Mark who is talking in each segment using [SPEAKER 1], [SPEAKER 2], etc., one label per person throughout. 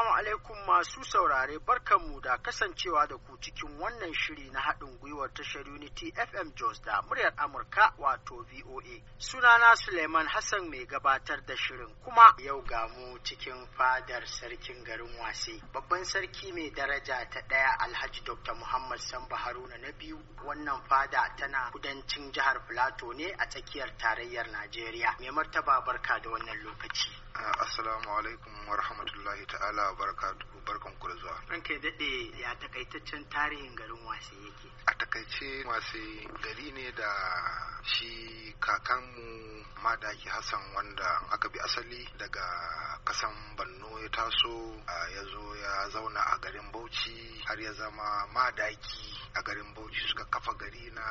[SPEAKER 1] Assalamu alaikum masu saurare barkanmu da kasancewa da ku cikin wannan shiri na haɗin gwiwar tashar Unity FM Jos da muryar Amurka wato VOA. Sunana Suleiman Hassan mai gabatar da shirin kuma yau ga mu cikin fadar sarkin garin Wase. Babban sarki mai daraja ta ɗaya Alhaji Dr. Muhammad Samba Haruna na biyu wannan fada tana kudancin jihar Filato ne a tsakiyar tarayyar Najeriya. Mai martaba barka da wannan lokaci. Assalamu alaikum wa rahmatullahi
[SPEAKER 2] ta'ala wa barakatuhu barkan ku da zuwa. kai daɗe ya takaitaccen tarihin garin wasi yake. A takaice wasi gari ne da shi kakanmu madaki Hassan wanda aka bi asali daga kasan banno ya taso ya zo ya zauna a garin Bauchi har ya zama madaki a garin Bauchi suka kafa gari na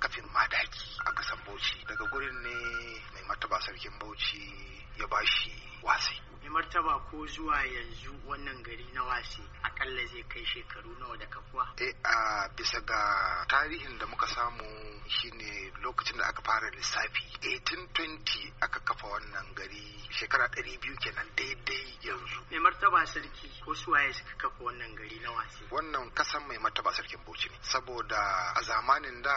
[SPEAKER 2] kafin madaki a kasan Bauchi daga gurin ne mai mataba sarkin Bauchi ya shi watsi. mai martaba ko zuwa
[SPEAKER 1] yanzu wannan gari na wasi akalla zai kai shekaru nawa da kafuwa
[SPEAKER 2] eh a bisa ga tarihin da muka samu shine lokacin da aka fara lissafi 1820 aka kafa wannan gari shekara 200 kenan daidai yanzu mai martaba sarki ko suwaye suka kafa wannan gari na wasi wannan kasan mai martaba sarkin bauchi ne saboda a zamanin da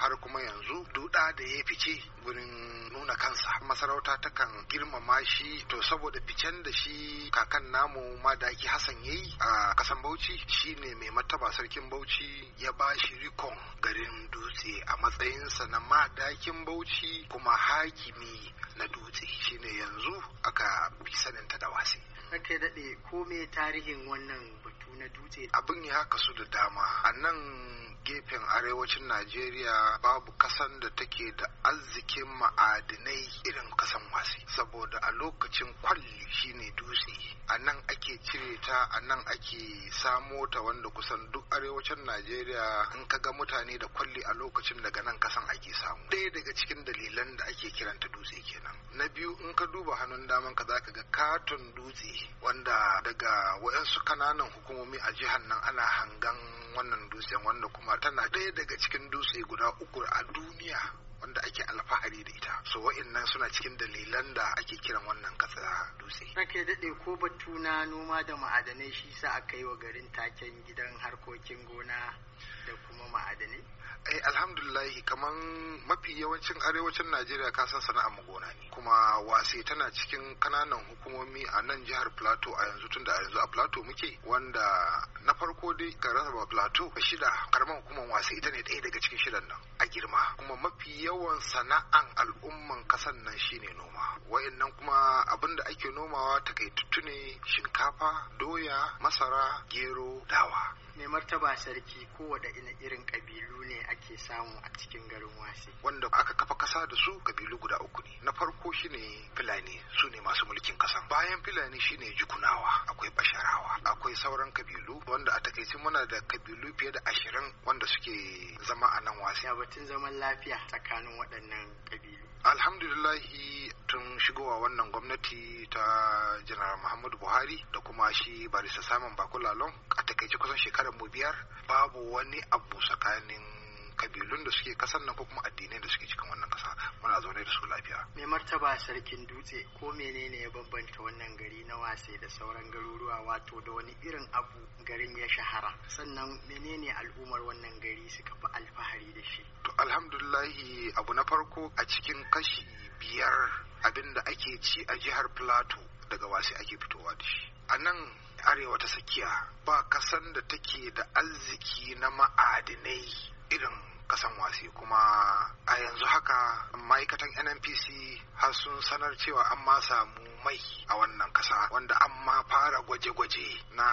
[SPEAKER 2] har kuma yanzu duda da ya fice gurin nuna kansa masarauta takan girmama shi to saboda fice zancen da shi kakan namu madaki hassan ya yi a kasan bauchi shine mai mataba sarkin bauchi ya ba shi rikon garin dutse a matsayinsa na madakin bauchi kuma hakimi na yanzu aka fi ta da wasi. Kake daɗe ko me tarihin wannan batu na dutse? Abin ya haka su da dama. A nan gefen arewacin Najeriya babu kasan da take da arzikin ma'adinai irin kasan wasi. Saboda a lokacin kwalli shine dutse. A nan ake cire ta, a nan ake samo ta wanda kusan duk arewacin Najeriya in ka ga mutane da kwalli a lokacin daga nan kasan ake samu. Daya daga cikin dalilan da ake kiranta dutse kenan. Na biyu in ka duba hannun daman ka zaka ga katon dutse wanda daga waɗansu kananan hukumomi a jihar nan ana hangan wannan dutse wanda kuma tana ɗaya daga cikin dutse guda uku a duniya wanda ake alfahari da ita so wa'annan suna cikin dalilan da ake kiran wannan kasa dutse ake daɗe ko batu
[SPEAKER 1] noma da ma'adanai shi sa aka yi wa garin taken gidan harkokin gona da
[SPEAKER 2] kuma ma'adani? Eh alhamdulillahi kaman mafi yawancin arewacin Najeriya ka san sana'ar gona ne kuma wase tana cikin kananan hukumomi a nan jihar Plateau a yanzu tunda a yanzu a Plateau muke wanda na farko dai garin ba Plateau shida karamar hukumar wase ita ne daya daga cikin shidan nan a girma kuma mafi yawan sana'an al'umman kasan nan shine noma wayannan kuma abin da ake nomawa takaitattu ne shinkafa doya masara gero dawa ne martaba sarki ko kowane irin kabilu ne ake samu a cikin garin wasi wanda aka kafa kasa da su kabilu guda uku ne na farko shine fulani su ne masu mulkin kasa bayan fulani shine jukunawa akwai basharawa akwai sauran kabilu wanda a takaice muna da kabilu fiye da ashirin wanda suke zama a nan wasi ya batun zaman lafiya tsakanin waɗannan kabilu alhamdulillahi tun shigowa wannan gwamnati ta janar muhammadu buhari da kuma shi barista samun bakulalon takaici kusan shekarar mu biyar babu wani abu tsakanin kabilun da suke kasan nan ko kuma addinai da suke cikin wannan kasa muna zaune da su lafiya.
[SPEAKER 1] Me martaba sarkin dutse ko menene ya bambanta wannan gari na wase da sauran garuruwa wato da wani irin abu garin ya shahara sannan menene al'ummar wannan
[SPEAKER 2] gari suka fi alfahari da shi. To alhamdulillahi abu na farko a cikin kashi biyar abin da ake ci a jihar Plateau daga wase ake fitowa da shi. A nan arewa ta tsakiya ba kasan da take da arziki na ma'adinai irin kasan wasi kuma a yanzu haka ma'aikatan nnpc har sun sanar cewa an ma samu mai a wannan kasa wanda an ma fara gwaje-gwaje na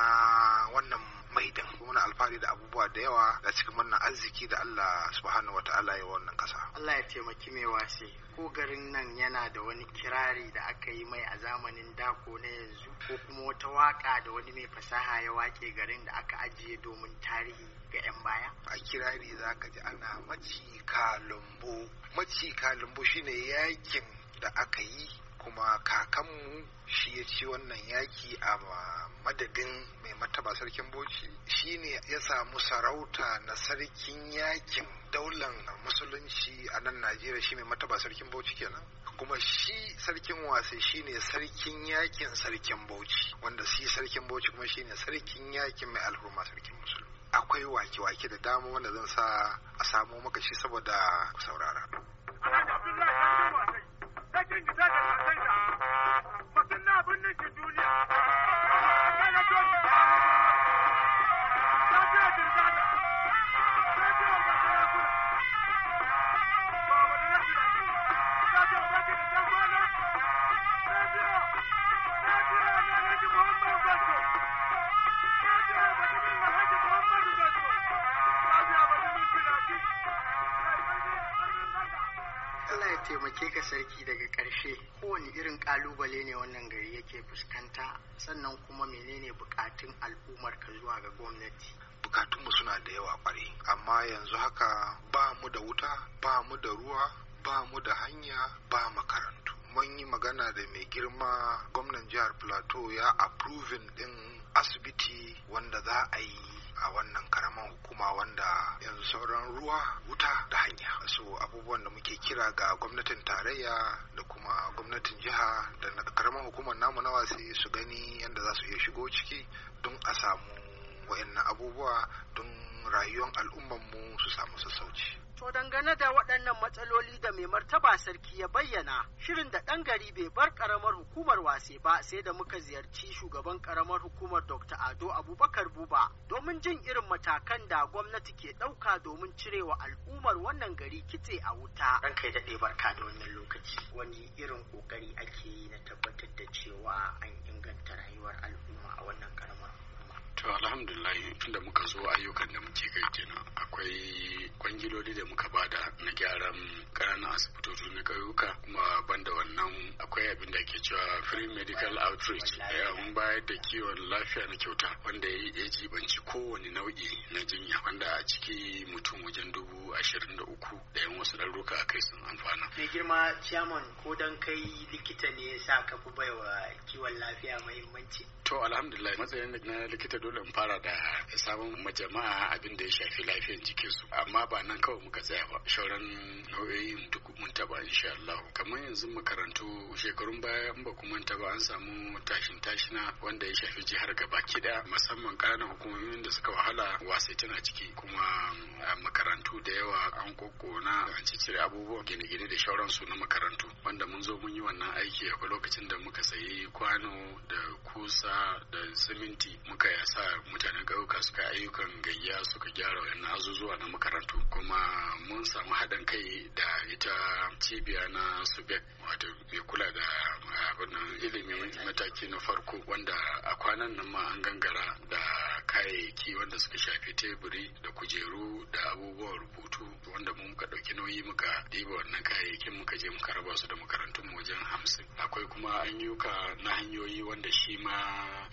[SPEAKER 2] wannan mai ɗin muna alfahari da abubuwa da yawa da cikin wannan arziki da Allah subhanahu Ta'ala ya wannan kasa Allah ya taimaki mai wasi ko garin
[SPEAKER 1] nan yana da wani kirari da aka yi mai a zamanin dako na yanzu ko kuma wata waka da wani mai fasaha ya wake garin da aka ajiye domin tarihi ga 'yan baya a
[SPEAKER 2] kirari za ka ji ana macika lumbu macika lumbu shine yakin da aka yi kuma kakanmu shi ya ci wannan yaki a madadin mai mataba sarkin boci shi ne ya samu sarauta na sarkin yakin daular musulunci a nan najeriya shi mai mataba sarkin boci kenan kuma shi sarkin wasa shi ne sarkin yakin sarkin Boci. wanda shi sarkin Boci kuma shi ne sarkin yakin mai alhurma sarkin musulunci. akwai wake-wake da dama wanda zan sa a samo maka shi saboda saurara
[SPEAKER 1] taimake ka sarki daga ƙarshe kowane irin ƙalubale ne wannan gari yake fuskanta sannan kuma
[SPEAKER 2] menene bukatun al'ummar ka zuwa ga gwamnati bukatunmu suna da yawa kwarai amma yanzu haka ba mu da wuta ba mu da ruwa ba mu da hanya ba makarantu mun yi magana da mai girma gwamnan jihar plateau ya approving din asibiti wanda za a yi a wannan karaman hukuma wanda yanzu sauran ruwa wuta da hanya so abubuwan da muke kira ga gwamnatin tarayya da kuma gwamnatin jiha da karaman hukumar namu na wasi su gani yadda za su iya shigo ciki don a samu wa'annan abubuwa don rayuwar al'ummarmu su samu sassauci
[SPEAKER 1] To dangane da waɗannan matsaloli da mai martaba sarki ya bayyana, shirin da ɗan gari bai bar ƙaramar hukumar wase ba sai da muka ziyarci shugaban ƙaramar hukumar Dr. Ado Abubakar Buba domin jin irin matakan da gwamnati ke ɗauka domin cirewa al'ummar wannan gari kitse a wuta. Ran kai daɗe barka da wannan lokaci wani irin ƙoƙari ake yi na tabbatar da cewa an inganta rayuwar al'umma
[SPEAKER 3] a wannan ƙaramar To alhamdulillah inda muka zo ayyukan da muke kai kenan akwai kwangiloli da muka bada na gyaran ƙananan asibitoci na ƙauyuka kuma banda wannan akwai abin da ke cewa free medical outreach eh, mun bayar da kiwon lafiya na kyauta wanda ya yi jibanci kowane nau'i na jinya wanda a ciki mutum wajen dubu ashirin da uku da yan wasu ɗaruka a kai sun amfana. Mai girma ciyaman
[SPEAKER 1] ko dan kai likita ne ya sa ka fi baiwa kiwon lafiya muhimmanci. To
[SPEAKER 3] alhamdulillah matsayin na likita dole mu fara da sabon ma jama'a abin da ya shafi lafiyar su amma ba nan kawai muka tsaya ba shauran nau'o'in duk mun taba insha Allah kamar yanzu makarantu shekarun baya in ba ku manta ba an samu tashin tashina wanda ya shafi jihar gaba kida musamman ƙananan hukumomin da suka wahala wasai tana ciki kuma makarantu da yawa an kokona an cicire abubuwan gine-gine da shauransu na makarantu wanda mun zo mun yi wannan aiki akwai lokacin da muka sayi kwano da kusa da siminti muka yasa sa mutanen ƙauyuka suka ayyukan gayya suka gyara wayannan azuzuwa na makarantu kuma mun samu haɗin kai da ita cibiya na subek wato mai kula da eh, abin ilimin mataki na farko wanda a kwanan nan ma an gangara da kayayyaki wanda suka shafi teburi da kujeru da abubuwan rubutu wanda mun ka ɗauki nauyi muka ɗiba wannan kayayyakin muka je muka raba su da makarantun wajen hamsin akwai kuma ayyuka na hanyoyi wanda shi ma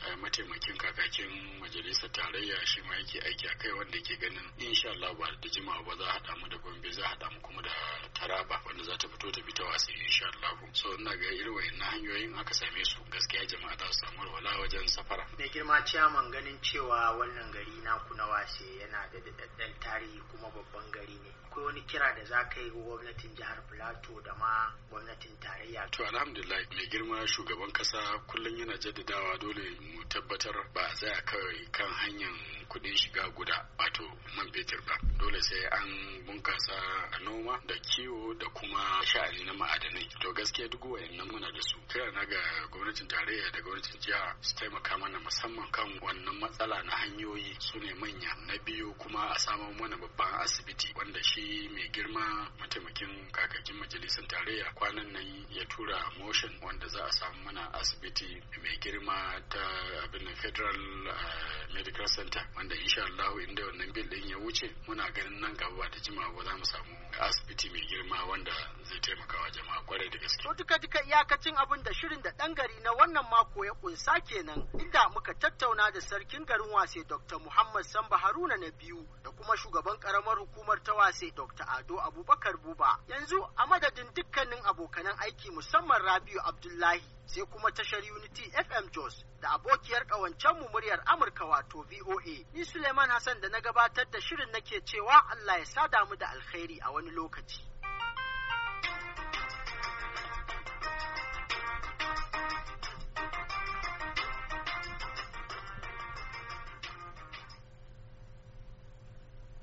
[SPEAKER 3] eh, mataimakin kakakin majalisar tarayya shi ma yake aiki a kai wanda ke ganin insha Allah ba da jimawa ba za a haɗa mu da Gombe za a haɗa mu kuma da Taraba wanda za ta fito ta bi ta wasa insha Allah. So ina ga irin na hanyoyin aka same su gaskiya jama'a za su samu walwala wajen safara.
[SPEAKER 1] Mai girma ciyaman ganin cewa wannan gari ku na wase yana da daɗaɗɗen tarihi kuma babban gari ne. Akwai wani kira da za ka yi gwamnatin jihar Filato da ma gwamnatin
[SPEAKER 3] tarayya. To alhamdulillah mai girma shugaban kasa kullum yana jaddadawa dole mu tabbatar ba a tsaya kawai kan hanyar Kudin shiga guda wato man fetur ba dole sai an bunkasa a noma da kiwo da kuma sha'ani na ma'adanai to gaskiya duk wayannan muna da su tare na ga gwamnatin tarayya da gwamnatin jiha su taimaka mana musamman kan wannan matsala na hanyoyi su ne manya na biyu kuma a samo mana babban asibiti wanda shi mai girma mataimakin kakakin majalisar tarayya kwanan nan ya tura motion wanda za a samu mana asibiti mai girma ta abin federal eh, medical center wanda insha Allah inda wannan bil din ya wuce muna ganin nan gaba ta jima ba za mu samu asibiti mai girma wanda zai taimaka wa jama'a kwarai da gaske. To duka duka iyakacin abin da shirin da ɗan gari na wannan mako ya kunsa kenan inda
[SPEAKER 1] muka tattauna da sarkin garin wase Dr. Muhammad Samba Haruna na biyu da kuma shugaban karamar hukumar ta wase Dr. Ado Abubakar Buba. Yanzu a madadin dukkanin abokanan aiki musamman Rabiu Abdullahi sai kuma tashar Unity FM Jos da abokiyar ƙawancenmu muryar Amurka wato VOA. Ni Suleiman Hassan da na gabatar da shirin nake cewa Allah ya sada mu da alkhairi a wani lokaci.